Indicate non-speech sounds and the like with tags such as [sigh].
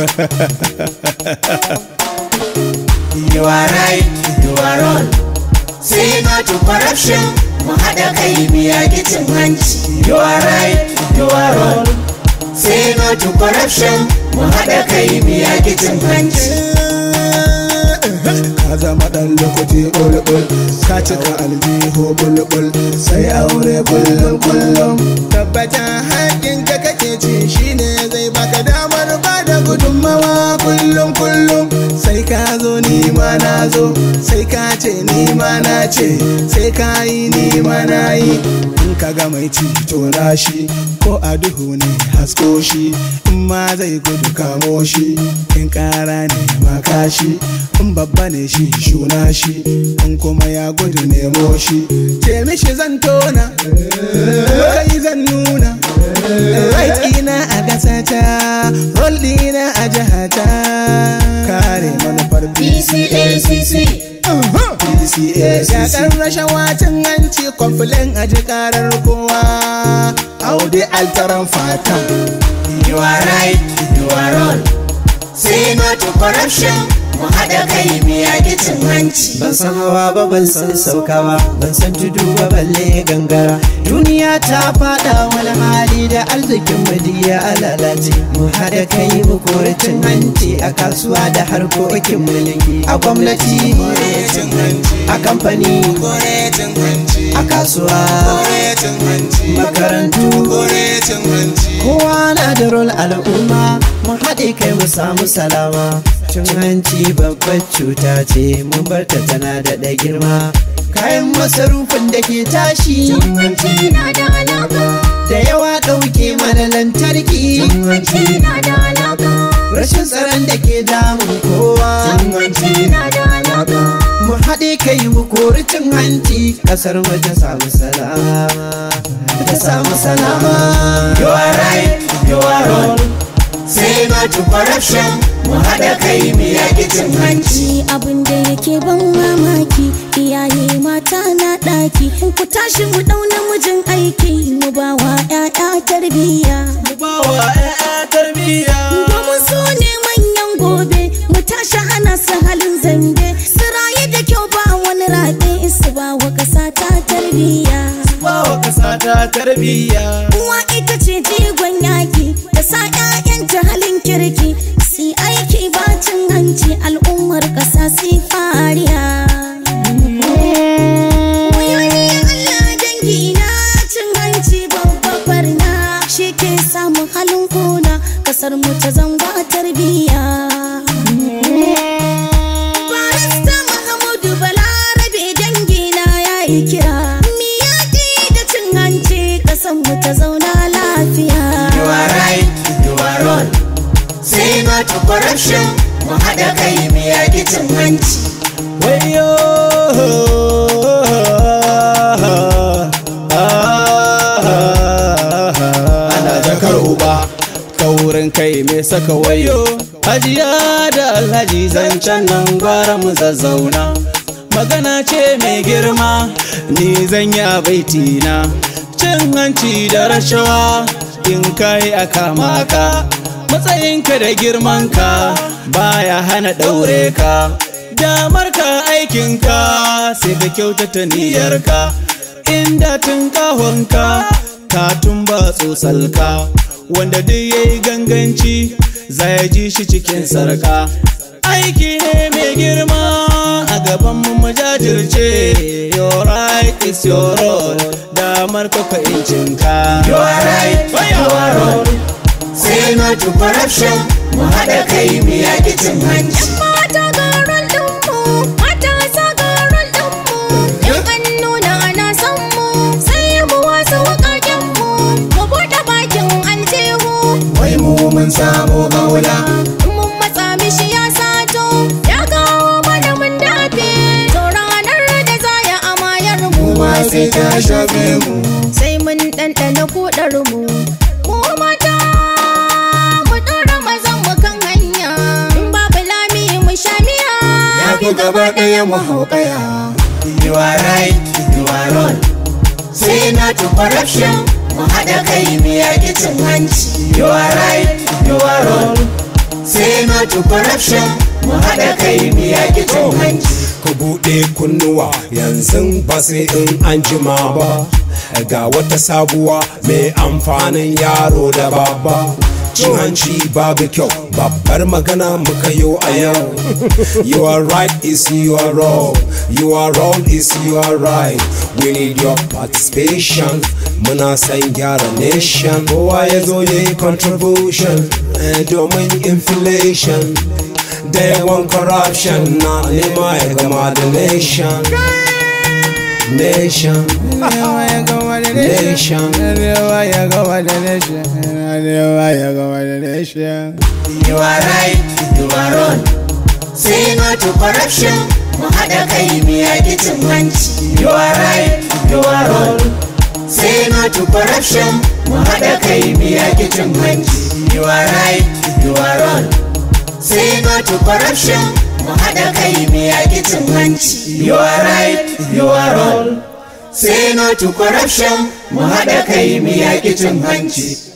[laughs] you are right, you are wrong. Say no to corruption. Mu haɗa kai biya gicin hanci. You are right, you are wrong. Say no to corruption. Mu haɗa kai biya gicin hanci. [laughs] ka zama ɗan lokaci bulbul ka cika aljiho bulbul sai aure kullum kullum tabbata haƙin ka kake shi nazo zo sai ka ce ni ma na ce sai ka yi ni ma na yi in ka ga mai ci to shi ko a duhu ne hasko shi in ma zai gudu kamo shi in kara ne maka in babba ne shi shuna shi in kuma ya gudu nemo shi ce mishi zan tona Yaƙar rashawa cin hanci kwamfilin a ji ƙarar kowa. Audi altaran fatan. You are right, you are wrong. Say no to corruption. mu haɗa kai mu yaƙi cin hanci ban san hawa ba ban san saukawa. ban san tudu ba balle gangara duniya ta faɗa wani hali da arzikin madiya a lalace mu haɗa kai mu kore cin hanci a kasuwa da harkokin mulki a gwamnati mu a kamfani mu a kasuwa mu makarantu kowa na da rol al'umma mun haɗe kai mu samu salama cin hanci babbar cuta ce mun ta tana da da girma kayan masarufin da ke tashi cin hanci na da alaƙa. da yawa ɗauke mana lantarki cin hanci na da alaƙa. rashin tsaron da ke damun kowa cin hanci na daɗe ka yi mu kori cin hanci ƙasar waje samu salama ta samu salama you are right you are wrong say no to corruption mu haɗa kai mu ya cin hanci abin da yake ban mamaki iyaye mata na ɗaki ku tashi mu ɗau namijin aiki mu ba wa 'ya'ya tarbiyya mu ba wa 'ya'ya tarbiyya tarbiyya uwa ita ce jigon yaki da sa ƴaƴanta halin kirki si aiki bacin hanci al'ummar ƙasa si fariya samun halin kona kasar mu ta zamba tarbiyya son mu ta zauna lafiya you are right you are wrong say no to corruption mu haɗa kai mu ya cin hanci wayo ana jakar uba kaurin kai mai saka wayo hajiya da alhaji zancen nan gwara mu zazzauna magana ce mai girma ni zan ya baitina cin hanci da rashawa in kai a kama ka matsayinka da girmanka baya hana ɗaure ka damar ka aikinka sai ka kyautata niyyarka inda tun kahonka ka tumba tsosalka wanda duk yayi ganganci za ji shi cikin sarka aiki ne mai girma a gaban mu jajirce your right is your road damar kafa injinka your right for your road say no to corruption mu haɗa kai mu yaƙi cin hanci Mun samu gaula sai ta shafe mu sai mun ɗanɗana kuɗar mu mu mata mu ɗora mazan mu kan hanya in babu lami mu sha miya ya fi gaba ɗaya mu ɗaya. you are right you are wrong say na to corruption mu haɗa kai mu yaƙi cin hanci you are right you are wrong say na to corruption mu haɗa kai mu yaƙi cin oh. hanci ku buɗe kunnuwa yanzu ba sai in an jima ba ga wata sabuwa mai amfanin yaro da baba. cin hanci babu kyau babbar magana muka yi a yau [laughs] you are right is you are wrong you are wrong is you are right we need your participation muna san gyara nation kowa ya zo ya yi contribution eh, domin inflation They want corruption, not my nation. Nation. Nation. You are right, you are wrong. Say no to corruption. kai You are right, you are wrong. Say no to corruption. kai You are right, you are wrong. sai no to corruption mu haɗa kai mai yaƙi cin hanci you are right you are wrong sai no to corruption mu haɗa kai mai yaƙi cin hanci